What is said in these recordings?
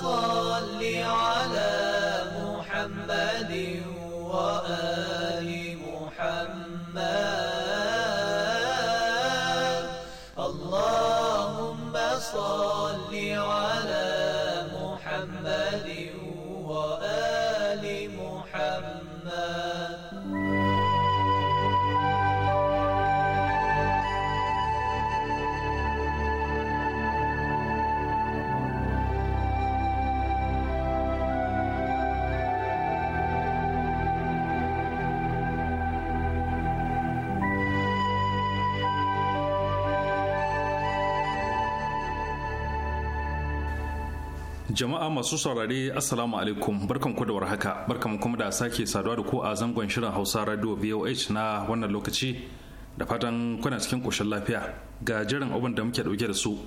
صل على محمد وآل محمد Jama'a masu saurare Assalamu alaikum barkan barkanku da warhaka barkanku kuma da sake saduwa da ku a zangon shirin Hausa Radio VOH na wannan lokaci da fatan kuna cikin koshin lafiya ga jiran abin da muke dauke da su.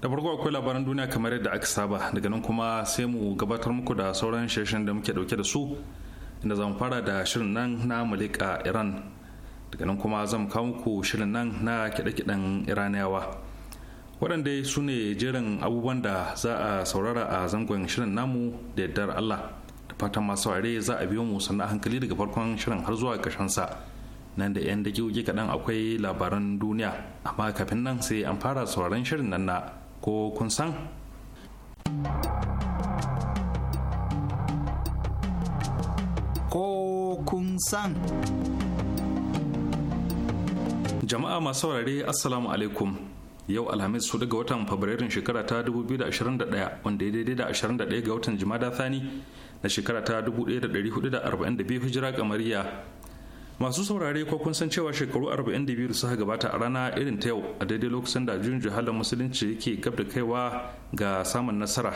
Da farko akwai labaran duniya kamar yadda aka saba daga nan kuma sai mu gabatar muku da sauran shirin da muke dauke da su inda zamu fara da shirin nan na malika Iran daga nan kuma zamu kawo muku shirin nan na kiɗe-kiɗen Iraniyawa. waɗanda su ne jerin abubuwan da za a saurara a zangon shirin namu da yardar allah da fatan masu ware za a biyo mu sannan hankali daga farkon shirin har zuwa ƙarshen sa nan da 'yan dakiyoyi kaɗan akwai labaran duniya amma kafin nan sai an fara sauraron shirin nan na ko ko kun san jama'a masu saurare assalamu alaikum yau alhamis su daga watan fabrairun shekara ta 2021 wanda ya daidai da 21 ga watan jimada thani na shekara ta 1442 hijira kamariya masu saurare ko kun san cewa shekaru 42 da suka gabata a rana irin ta yau a daidai lokacin da juyin juhalar musulunci yake gab da kaiwa ga samun nasara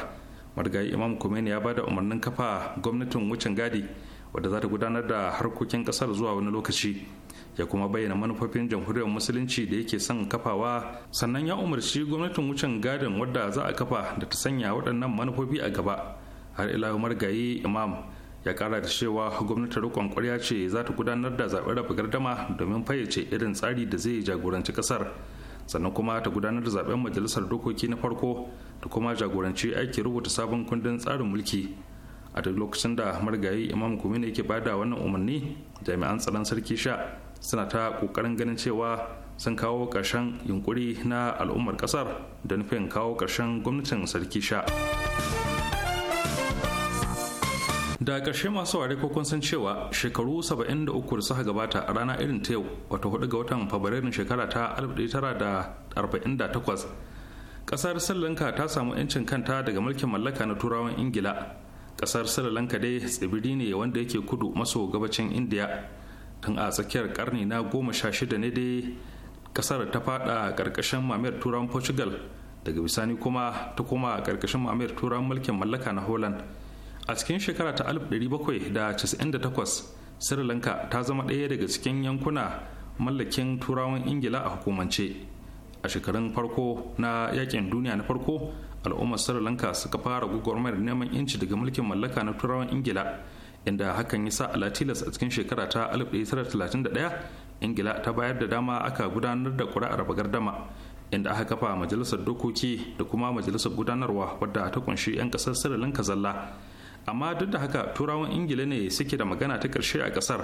marigayi imam kumeni ya bada umarnin kafa gwamnatin wucin gadi wadda za ta gudanar da harkokin kasar zuwa wani lokaci ya kuma bayyana manufofin jamhuriyar musulunci da yake son kafawa sannan ya umarci gwamnatin wucin gadin wadda za a kafa da ta sanya waɗannan manufofi a gaba har ila margayi imam ya kara da cewa gwamnatin rikon kwarya ce za ta gudanar da zaɓen rafa gardama domin fayyace irin tsari da zai jagoranci ƙasar sannan kuma ta gudanar da zaɓen majalisar dokoki na farko da kuma jagoranci aiki rubuta sabon kundin tsarin mulki a duk lokacin da margayi imam kumina yake bada wannan umarni jami'an tsaron sarki sha suna ta kokarin ganin cewa sun kawo ƙarshen yunkuri na al'ummar ƙasar da nufin kawo ƙarshen gwamnatin sarki sha da ƙarshe masu ware ko san cewa shekaru 73 da suka gabata a rana irin ta yau wata hudu ga watan fabrairun shekara ta 1948 ƙasar sri ta samu 'yancin kanta daga mulkin mallaka na turawan ingila ƙasar sri dai tsibiri ne wanda yake kudu maso gabacin indiya tun a tsakiyar karni na goma sha shida ne dai kasar ta fada karkashin mamayar turawan portugal daga bisani kuma ta koma karkashin mamayar turawan mulkin mallaka na holand a cikin shekara ta 1798 sri lanka ta zama ɗaya daga cikin yankuna mallakin turawan ingila a hukumance a shekarun farko na yakin duniya na farko al'ummar sri lanka suka fara gwagwarmayar neman inci daga mulkin mallaka na turawan ingila inda hakan ya sa alatilas a cikin shekara ta 1931 ingila ta bayar da dama aka gudanar da kuri'ar bagardama inda aka kafa majalisar dokoki da kuma majalisar gudanarwa wadda ta kunshi 'yan kasar sri lanka zalla amma duk da haka turawan ingila ne suke da magana ta karshe a kasar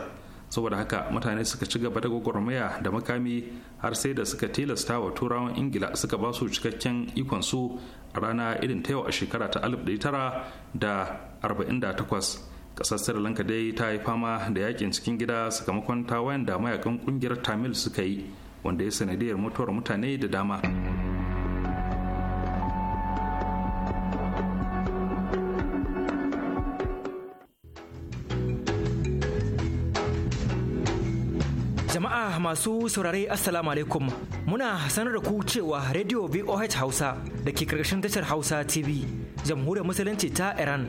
saboda haka mutane suka ci gaba da gwagwarmaya da makami har sai da suka tilasta wa turawan ingila suka ba su cikakken ikonsu a rana irin ta yau a shekara ta 1948 kasar sri lanka dai ta yi fama da yakin cikin gida sakamakon wayan da mayakan kungiyar tamil suka yi wanda ya sanadiyar mutuwar mutane da dama jama'a masu saurare assalamu alaikum muna sanar da ku cewa radio voh hausa da ke karkashin tashar hausa tv jamhuriyar musulunci ta iran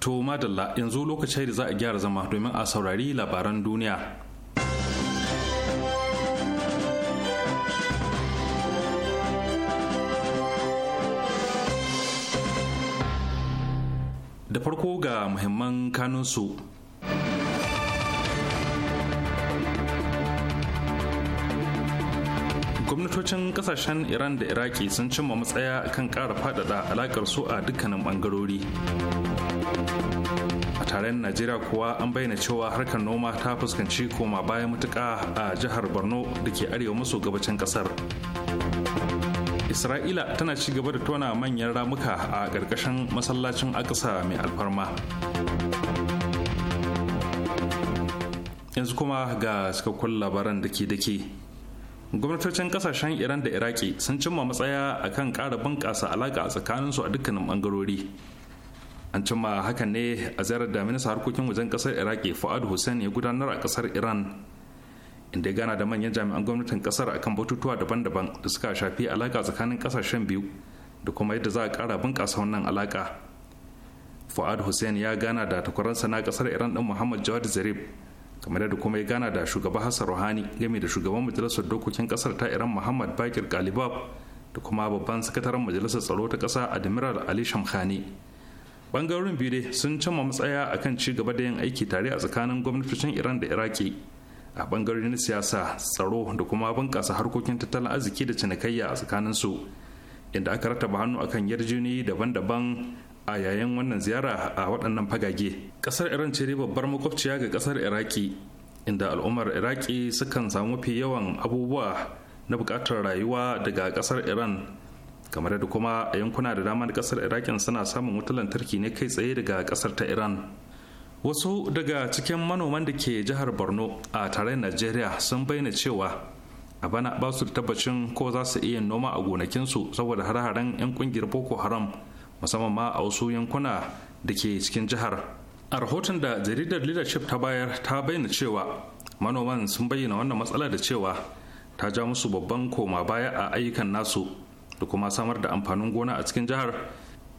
To madalla yanzu lokacin da za a gyara zama domin a saurari labaran duniya. Da farko ga muhimman kanunsu. Gwamnatocin ƙasashen Iran da Iraki sun cimma matsaya kan ƙara faɗaɗa alaƙar su a dukkanin ɓangarori. a taron najeriya kuwa an bayyana cewa harkar noma ta fuskanci koma baya matuƙa a jihar borno da ke arewa maso gabacin ƙasar isra'ila tana ci gaba da tona manyan ramuka a ƙarƙashin masallacin akasa mai alfarma yanzu kuma ga cikakkun labaran da ke dake gwamnatocin kasashen iran da iraki sun cimma matsaya akan ƙara bunƙasa alaƙa a tsakaninsu a dukkanin ɓangarori an cimma hakan ne a ziyarar da minista harkokin wajen kasar iraki fuad hussein ya gudanar a kasar iran inda ya gana da manyan jami'an gwamnatin kasar akan batutuwa daban-daban da suka shafi alaka tsakanin kasashen biyu da kuma yadda za a kara bunƙasa wannan alaka fuad hussein ya gana da takwaransa na kasar iran din muhammad jawad zarif kamar yadda kuma ya gana da shugaban hassan rohani game da shugaban majalisar dokokin kasar ta iran muhammad bakir kalibab da kuma babban sakataren majalisar tsaro ta kasa admiral ali shamkhani bangarorin biyu dai sun cimma matsaya a kan ci gaba da yin aiki tare a tsakanin gwamnatocin iran da iraki a bangarorin siyasa tsaro da kuma bunƙasa harkokin tattalin arziki da cinikayya a tsakanin su inda aka rataba hannu a kan yarjejeniyoyi daban-daban a yayin wannan ziyara a waɗannan fagage ƙasar iran ce babbar makwabciya ga ƙasar iraki inda al'ummar iraki sukan samu fi yawan abubuwa na buƙatar rayuwa daga ƙasar iran kamar da kuma yankuna da dama na kasar irakin suna samun wutar lantarki ne kai tsaye daga kasar ta iran wasu daga cikin manoman da ke jihar borno a tare najeriya sun bayyana cewa a bana ba su tabbacin ko za su iya noma a gonakinsu saboda har haren 'yan kungiyar boko haram musamman ma a wasu yankuna da ke cikin jihar a rahoton da jaridar leadership ta bayar ta bayyana cewa manoman sun bayyana wannan matsala da cewa ta ja musu babban koma baya a ayyukan nasu da kuma samar da amfanin gona a cikin jihar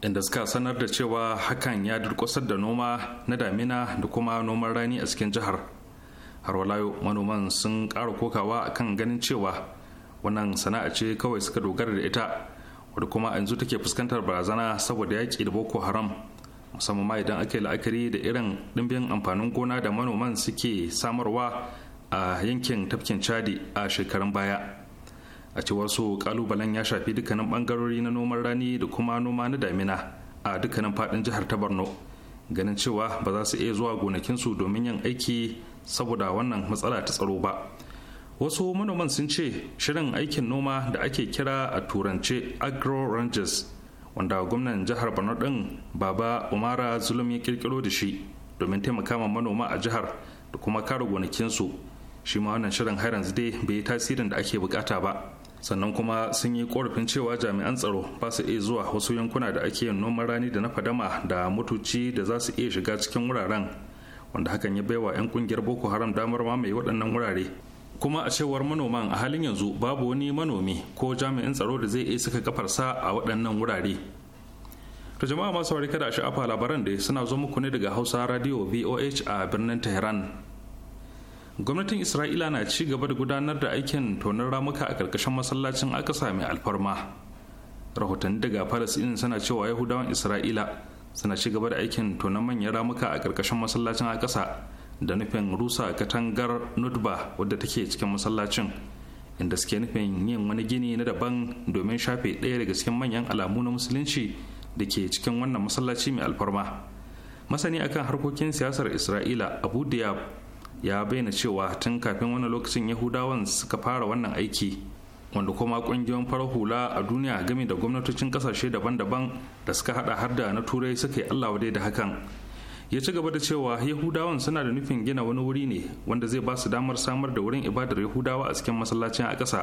inda suka sanar da cewa hakan ya durkusar da noma na damina da kuma noman rani a cikin jihar har walayo manoman sun ƙara kokawa akan ganin cewa wannan sana'a ce kawai suka dogara da ita wadda kuma yanzu take fuskantar barazana saboda yaƙi da boko haram musamman ma idan ake la'akari da irin ɗimbin amfanin gona da manoman suke samarwa a yankin tafkin chadi a shekarun baya a cewar su kalubalen ya shafi dukkanin bangarori na noman rani da kuma noma na damina a dukkanin fadin jihar ta borno ganin cewa ba za su iya zuwa gonakinsu domin yin aiki saboda wannan matsala ta tsaro ba wasu manoman sun ce shirin aikin noma da ake kira a turance agro ranges wanda gwamnan jihar borno din baba umara zulum ya kirkiro da shi domin taimaka ma manoma a jihar da kuma kare gonakinsu shi ma wannan shirin har yanzu dai bai yi tasirin da ake bukata ba sannan kuma sun yi korafin cewa jami'an tsaro ba su iya zuwa wasu yankuna da ake yin noman rani da na fadama da mutuci da za su iya shiga cikin wuraren wanda hakan ya baiwa 'yan kungiyar boko haram damar mamaye waɗannan wurare kuma a cewar manoman a halin yanzu babu wani manomi ko jami'in tsaro da zai iya saka kafarsa a waɗannan wurare to jama'a masu kada da sha'afa labaran da suna zo muku ne daga hausa radio voh a birnin tehran gwamnatin isra'ila na ci gaba da gudanar da aikin tonar ramuka a karkashin masallacin akasa mai alfarma rahotanni daga falasɗin suna cewa yahudawan isra'ila suna ci gaba da aikin tonar manyan ramuka a karkashin masallacin akasa da nufin rusa katangar nutba wadda take cikin masallacin inda suke nufin yin wani gini na daban domin shafe ɗaya daga cikin manyan alamu na musulunci da ke cikin wannan masallaci mai alfarma masani akan harkokin siyasar isra'ila abu diyab ya bayyana cewa tun kafin wani lokacin yahudawan suka fara wannan aiki wanda kuma kungiyoyin farar hula a duniya game da gwamnatocin kasashe daban-daban da suka hada har da na turai suka yi dai da hakan ya ci gaba da cewa yahudawan suna da nufin gina wani wuri ne wanda zai ba su damar samar da wurin ibadar yahudawa a cikin masallacin a ƙasa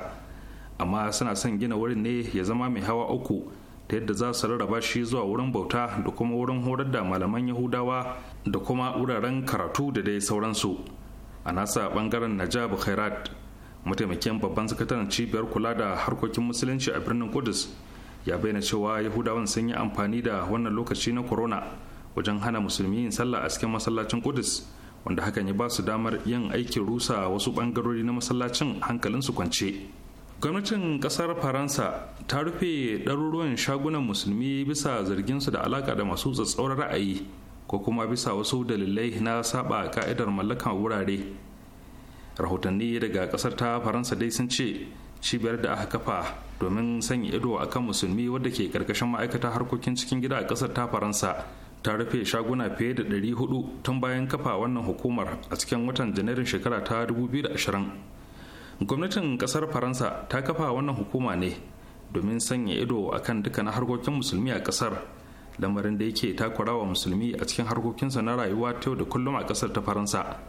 amma suna son gina wurin ne ya zama mai hawa uku ta yadda za su rarraba shi zuwa wurin bauta da kuma wurin horar da malaman yahudawa da kuma wuraren karatu da dai sauransu a nasa bangaren najab khairat mataimakin babban sakataren cibiyar kula da harkokin musulunci a birnin kudus ya bayyana cewa yahudawan sun yi amfani da wannan lokaci na corona wajen hana musulmi yin sallah a cikin masallacin kudus wanda hakan ya ba su damar yin aikin rusa wasu bangarori na masallacin hankalin su kwance gwamnatin kasar faransa ta rufe ɗaruruwan shagunan musulmi bisa zarginsu da alaka da masu tsatsauran ra'ayi ko kuma bisa wasu dalilai na saba ka'idar mallakan wurare rahotanni daga kasar ta faransa dai sun ce cibiyar da aka kafa domin sanya ido a kan musulmi wadda ke karkashin ma'aikata harkokin cikin gida a kasar ta faransa ta rufe shaguna fiye da 400 tun bayan kafa wannan hukumar a cikin watan janairun shekara ta 2020 gwamnatin kasar faransa ta kafa wannan hukuma ne domin sanya ido akan dukkan harkokin musulmi a kasar lamarin da yake takurawa musulmi a cikin harkokinsa na rayuwa ta yau da kullum a kasar ta faransa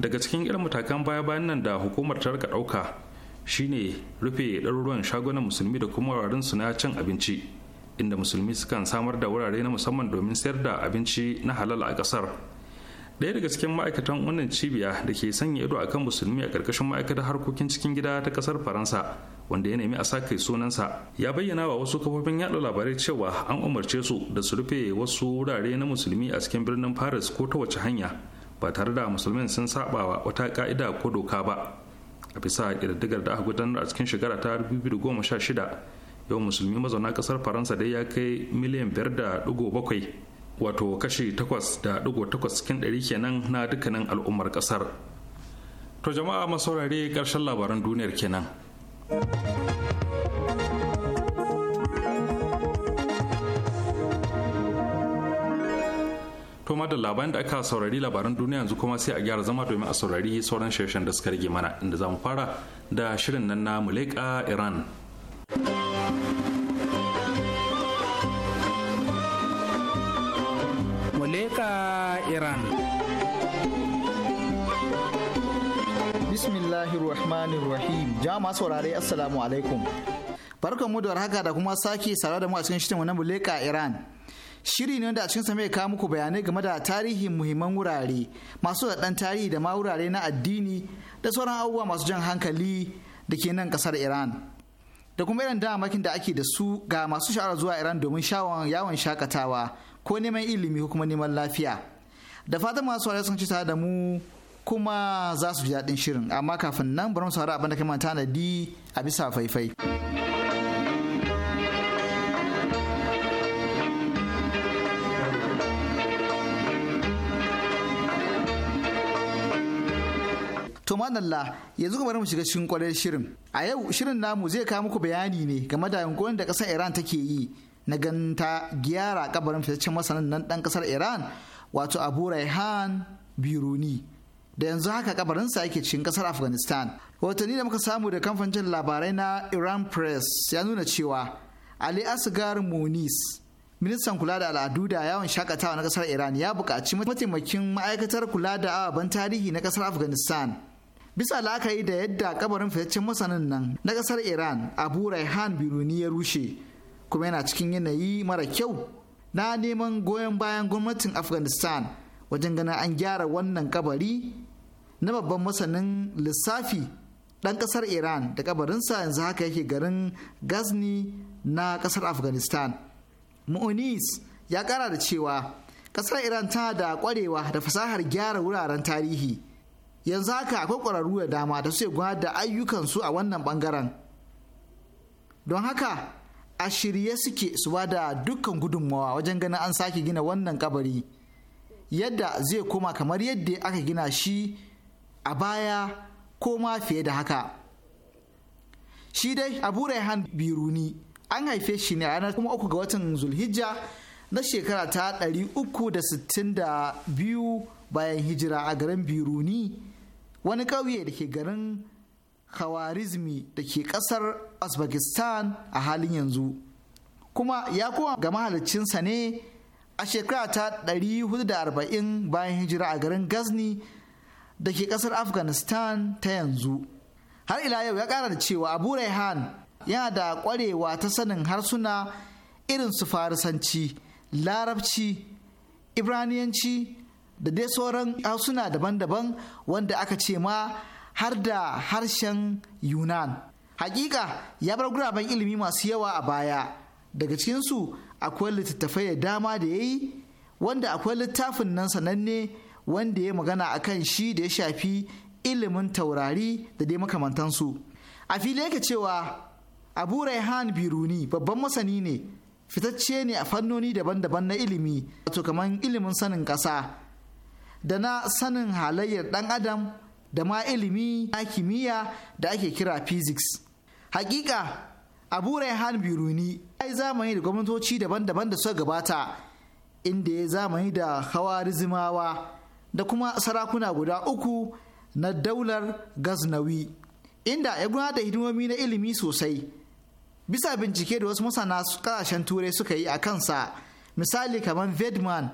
daga cikin irin matakan baya bayan nan da hukumar ta rika ɗauka shine rufe ɗaruruwan shagunan musulmi da kuma wuraren su na cin abinci inda musulmi sukan samar da wurare na musamman domin sayar da abinci na halal a kasar ɗaya daga cikin ma'aikatan wannan cibiya da ke sanya ido akan musulmi a ƙarƙashin ma'aikatar harkokin cikin gida ta kasar faransa wanda ya nemi a sa kai sunansa ya bayyana wa wasu kafofin yaɗa labarai cewa an umarce su da su rufe wasu wurare na musulmi a cikin birnin paris ko ta wace hanya ba tare da musulmin sun saba wa wata ka'ida ko doka ba a bisa ƙididdigar da aka gudanar a cikin shekara ta 2016 yau musulmi mazauna kasar faransa dai ya kai miliyan biyar 5.7 wato kashi takwas da takwas cikin ɗari kenan na dukkanin al'ummar kasar. to jama'a masaurare ƙarshen labaran duniyar kenan toma da labarin da aka saurari labaran duniya yanzu kuma sai a gyara zama domin a saurari sauran shirshen da suka rage mana inda za mu fara da shirin nan na muleka iran muleka iran Bismillahirrahmanirrahim. Jama'a saurare Assalamu alaikum. Barkan mu da warhaka da kuma sake sara da mu a cikin shirin wannan buleka Iran. Shiri ne wanda a cikin sama mai kawo muku bayanai game da tarihin muhimman wurare, masu da tarihi da ma wurare na addini da sauran abubuwa masu jan hankali da ke nan kasar Iran. Da kuma irin damakin da ake da su ga masu sha'awar zuwa Iran domin shawon yawon shakatawa ko neman ilimi ko kuma neman lafiya. Da fatan masu saurare sun ci tare da mu kuma za su ji daɗin shirin amma kafin nan bari mu saurari abin da kai manta na di a bisa faifai. To madalla yanzu kuma mu shiga cikin kwarar shirin. A yau shirin namu zai kawo muku bayani ne game da yankunan da ƙasar Iran take yi na ganta gyara kabarin fitaccen masanan nan ɗan ƙasar Iran wato Abu rayhan Biruni. da yanzu haka kabarinsa yake cikin kasar afghanistan watanni da muka samu da kamfanin labarai na iran press ya nuna cewa ali asgar munis ministan kula da al'adu da yawon shakatawa na kasar iran ya bukaci mataimakin ma'aikatar kula da ababen tarihi na kasar afghanistan bisa la'akari da yadda kabarin fitaccen masanin nan na kasar iran abu raihan biruni ya rushe kuma yana cikin yanayi mara kyau na neman goyon bayan gwamnatin afghanistan wajen ganin an gyara wannan kabari na babban masanin lissafi ɗan ƙasar iran da kabarinsa yanzu haka yake garin gazni na ƙasar afghanistan mu'unis ya ƙara da cewa ƙasar iran tana da ƙwarewa da fasahar gyara wuraren tarihi yanzu haka akwai ƙwararru da dama da suke gwada da ayyukansu a wannan ɓangaren don haka a shirye suke su ba da dukkan gudunmawa wajen ganin an sake gina wannan kabari yadda zai koma kamar yadda aka gina shi a baya ko ma fiye da haka shi dai abu raihan biruni an haife shi ne a ranar kuma uku ga watan zulhijja na shekara ta biyu bayan hijira a garin biruni wani ƙauye da ke garin khawarizmi da ke ƙasar uzbekistan a halin yanzu kuma ya koma ga mahalicinsa ne a shekara ta arba'in bayan hijira a garin gazni da ke kasar afghanistan ta yanzu har ila yau ya kara da cewa abu raihan yana da kwarewa ta sanin harsuna irin su farisanci larabci ibraniyanci da dai sauran harsuna daban-daban wanda aka ce ma har da harshen yunan hakika ya bar guraben ilimi masu yawa a baya daga cikinsu akwai littattafai da dama da ya yi wanda akwai littafin nan sananne wanda ya magana a kan shi da ya shafi ilimin taurari da dai makamantansu a fili yake cewa abu raihan biruni babban masani ne fitacce ne a fannoni daban-daban na ilimi wato kamar ilimin sanin ƙasa da na sanin halayyar ɗan adam da ma ilimi na kimiyya da ake kira physics hakika abu raihan biruni ya yi zamani da gwamnatoci daban-daban da suka gabata inda ya zamani da hawa rizimawa da kuma sarakuna guda uku na daular gaznawi inda ya gudanar da hidimomi na ilimi sosai bisa bincike da wasu masana kasashen turai suka yi a kansa misali kamar vedman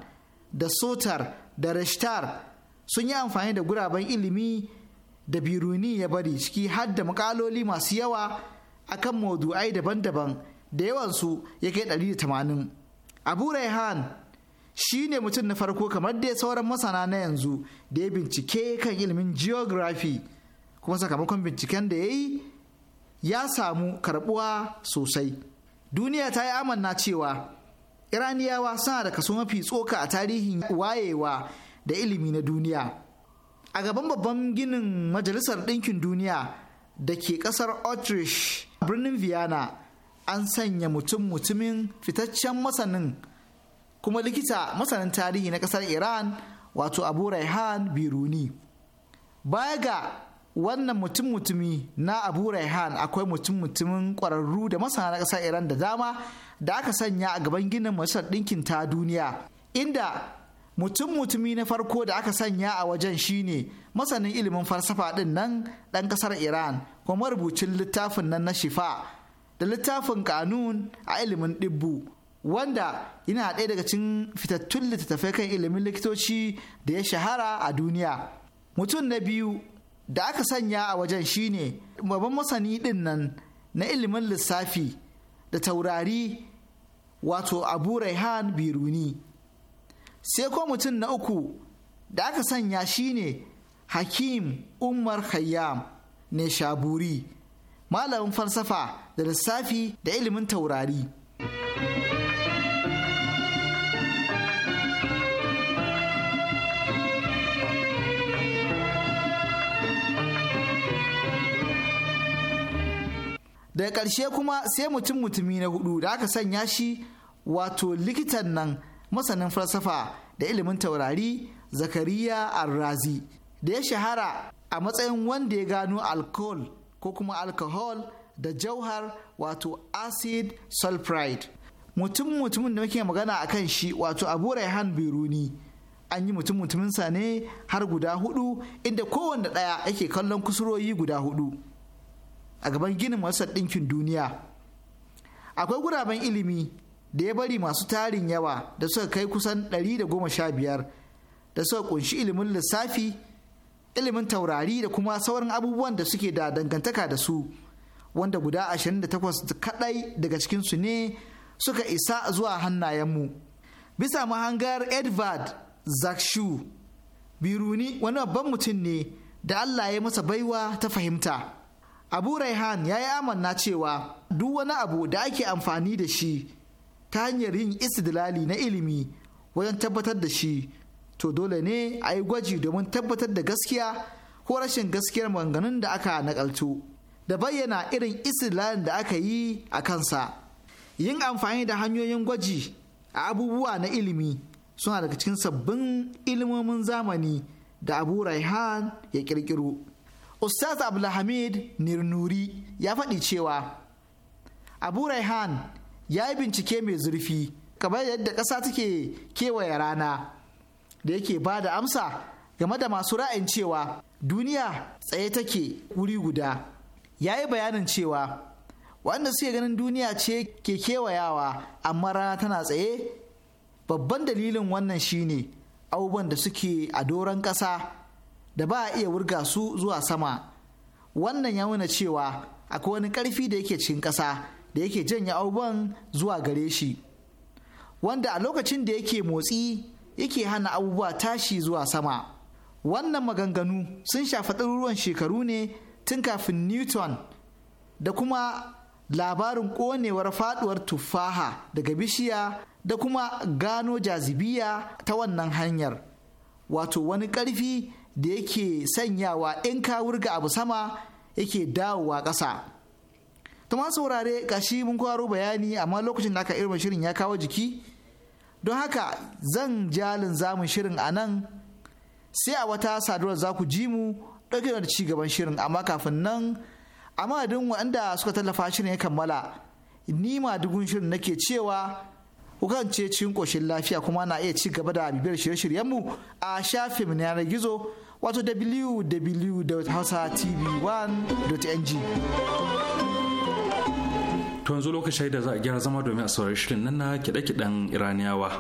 da sotar da rashtar sun yi amfani da guraben ilimi da biruni ya bari ciki har da makaloli masu yawa akan maudu'ai daban-daban da yawansu ya kai 180 abu raihan shi ne mutum na farko kamar dai sauran masana na yanzu da ya bincike kan ilimin geography kuma sakamakon binciken da ya yi ya samu karbuwa sosai duniya ta yi amanna cewa iraniyawa suna da kaso mafi tsoka a tarihin wayewa da ilimi na duniya a gaban babban ginin majalisar ɗinkin duniya da ke ƙasar autrish birnin vienna an sanya mutum mutumin fitaccen masanin kuma likita masanin tarihi na kasar iran wato abu raihan biruni baya ga wannan mutum-mutumi na abu raihan akwai mutum-mutumin kwararru da masana na kasar iran da dama da aka sanya a gaban ginin majalisar ɗinkin ta duniya inda mutum-mutumi na farko da aka sanya a wajen shine masanin ilimin farsafa ɗin nan ɗan ƙasar iran kuma marubucin littafin nan na shifa da littafin kanun a ilimin ɗibbu wanda yana ɗaya daga cikin fitattun littattafai kan ilimin likitoci da ya shahara a duniya mutum na biyu da aka sanya a wajen shine babban masani ɗin nan na ilimin lissafi da taurari wato abu raihan biruni sai ko mutum na uku da aka sanya shine hakim umar khayyam ne shaburi malamin falsafa da lissafi da ilimin taurari. daga ƙarshe kuma sai mutum mutumi na hudu da aka sanya shi wato likitan nan masanin falsafa da ilimin taurari zakariya arrazi da ya shahara a matsayin wanda ya gano alcohol ko kuma alcohol da jauhar wato acid sulfuride mutum mutumin da muke magana a kan shi wato abu raihan biruni an yi mutum mutuminsa ne har guda hudu inda kowanne ɗaya yake kallon kusuroyi guda hudu a gaban ginin masar ɗinkin duniya akwai guraben ilimi da ya bari masu tarin yawa da suka kai kusan ɗari da goma sha biyar, da suka kunshi ilimin lissafi ilimin taurari da kuma sauran abubuwan da suke da dangantaka da su wanda guda ashirin da 28 kaɗai daga cikinsu ne suka isa zuwa hannayenmu bisa mahangar edward zakshu biruni wani babban mutum ne da allah ya masa baiwa ta fahimta abu raihan ya yi amanna cewa duk wani abu da ake amfani da shi ta hanyar yin istidlali na ilimi wajen tabbatar da shi to dole ne a yi gwaji domin tabbatar da gaskiya ko rashin gaskiyar maganganun da aka nakaltu da bayyana irin istidlalin da aka yi a kansa yin amfani da hanyoyin gwaji a abubuwa na ilimi suna daga cikin sabbin ilimomin zamani da abu raihan ya ƙirƙiro. ustaz abdulhamid nirnuri ya faɗi cewa abu raihan ya yi bincike mai zurfi kamar yadda ƙasa take kewaye rana da yake ba da amsa game da masu ra'ayin cewa duniya tsaye take wuri guda ya yi bayanin cewa wanda suke ganin duniya ce ke kewayawa amma rana tana tsaye babban dalilin wannan shine abubuwan da suke a doron ƙasa da ba a iya wurga su zuwa sama wannan ya nuna cewa akwai wani ƙarfi da yake cikin ƙasa da yake janya abubuwan zuwa gare shi wanda a lokacin da yake motsi yake hana abubuwa tashi zuwa sama wannan maganganu sun shafi ɗaruruwan shekaru ne tun kafin newton da kuma labarin ƙonewar faɗuwar tufaha daga bishiya da kuma gano jazibiya ta wannan hanyar wato wani ƙarfi da yake sanyawa in ka wurga abu sama yake dawowa ƙasa. Tuma saurare kashi mun kwaro bayani amma lokacin da aka irin shirin ya kawo jiki don haka zan jalin zamun shirin a nan sai a wata saduwar za ku ji mu ɗauke da ci gaban shirin amma kafin nan a madadin waɗanda suka tallafa shirin ya kammala ni ma dugun shirin nake cewa kan ce cikin koshin lafiya kuma na iya ci gaba da bibiyar shirye-shiryenmu a shafin yanar gizo wato www.hausatv1.ng to yanzu lokacin da za a gyara zama domin a saurari shirin nan na kiɗe-kiɗen iraniyawa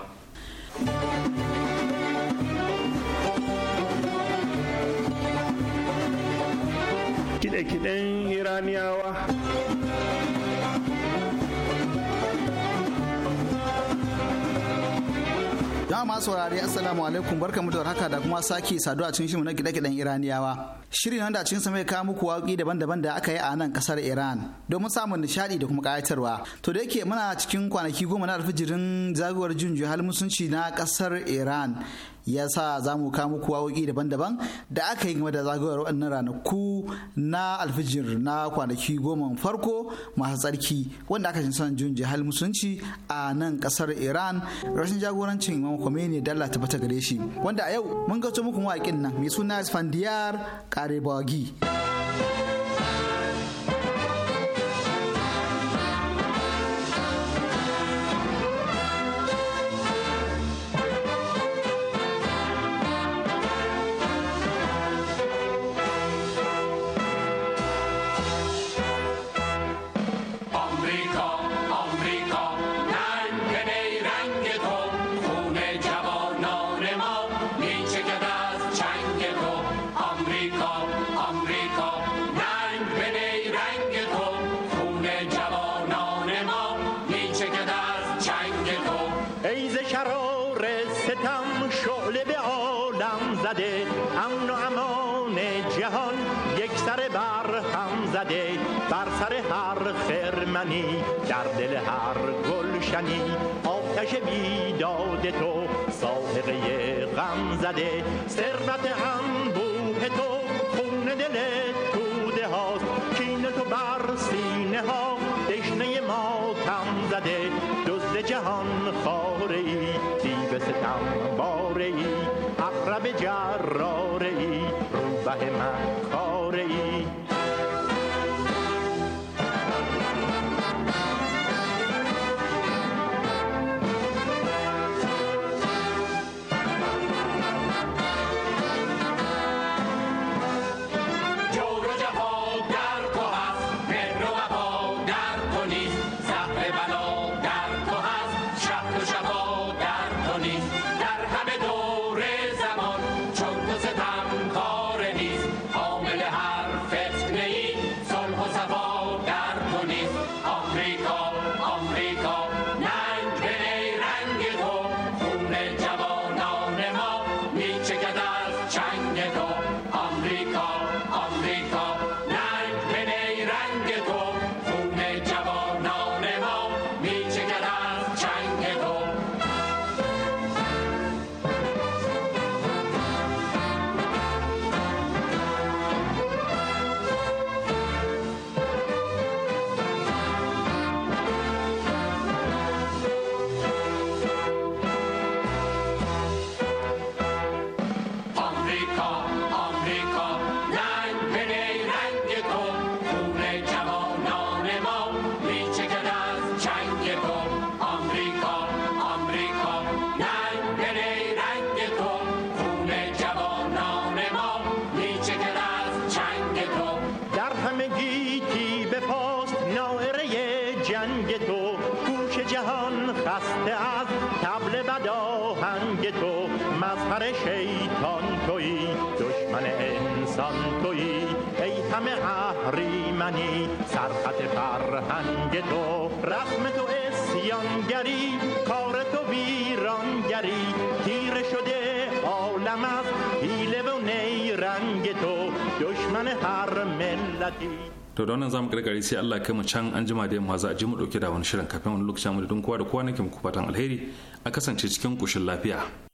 kiɗe-kiɗen iraniyawa jama'a masu saurari assalamu alaikum mu da haka da kuma sake saduwa cikin shirin na gida-gidan iraniyawa shirin wanda cikin sa mai kawo muku waƙi daban-daban da aka yi a nan kasar iran domin samun nishaɗi da kuma ƙayatarwa to da yake muna cikin kwanaki goma na alfijirin zagawar jin juhal musunci na kasar iran ya sa za mu kawo muku wawoki daban-daban da aka yi game da zagayowar waɗannan ranaku na alfijir na kwanaki goma farko masu tsarki wanda aka jin son jun jihar musulunci a nan ƙasar iran rashin jagorancin imam khomeini da ta bata gare shi wanda a yau mun gato muku mawaƙin nan mai suna isfandiyar karebagi. زده بر سر هر خرمنی در دل هر گلشنی آتش بیداد تو ساحقه غم زده ثروت هم بوه تو خون دل توده هاست کین تو بر سینه ها دشنه ما تم زده دزد جهان خاره ای دیو ستم باره ای اقرب جراره ای روبه من خاره ای to da wannan zamu gargare sai Allah kai mu can an jima da yamma za a ji mu dauke da wani shirin kafin wani lokaci mu da dun kowa da kowa nake muku fatan alheri a kasance cikin kushin lafiya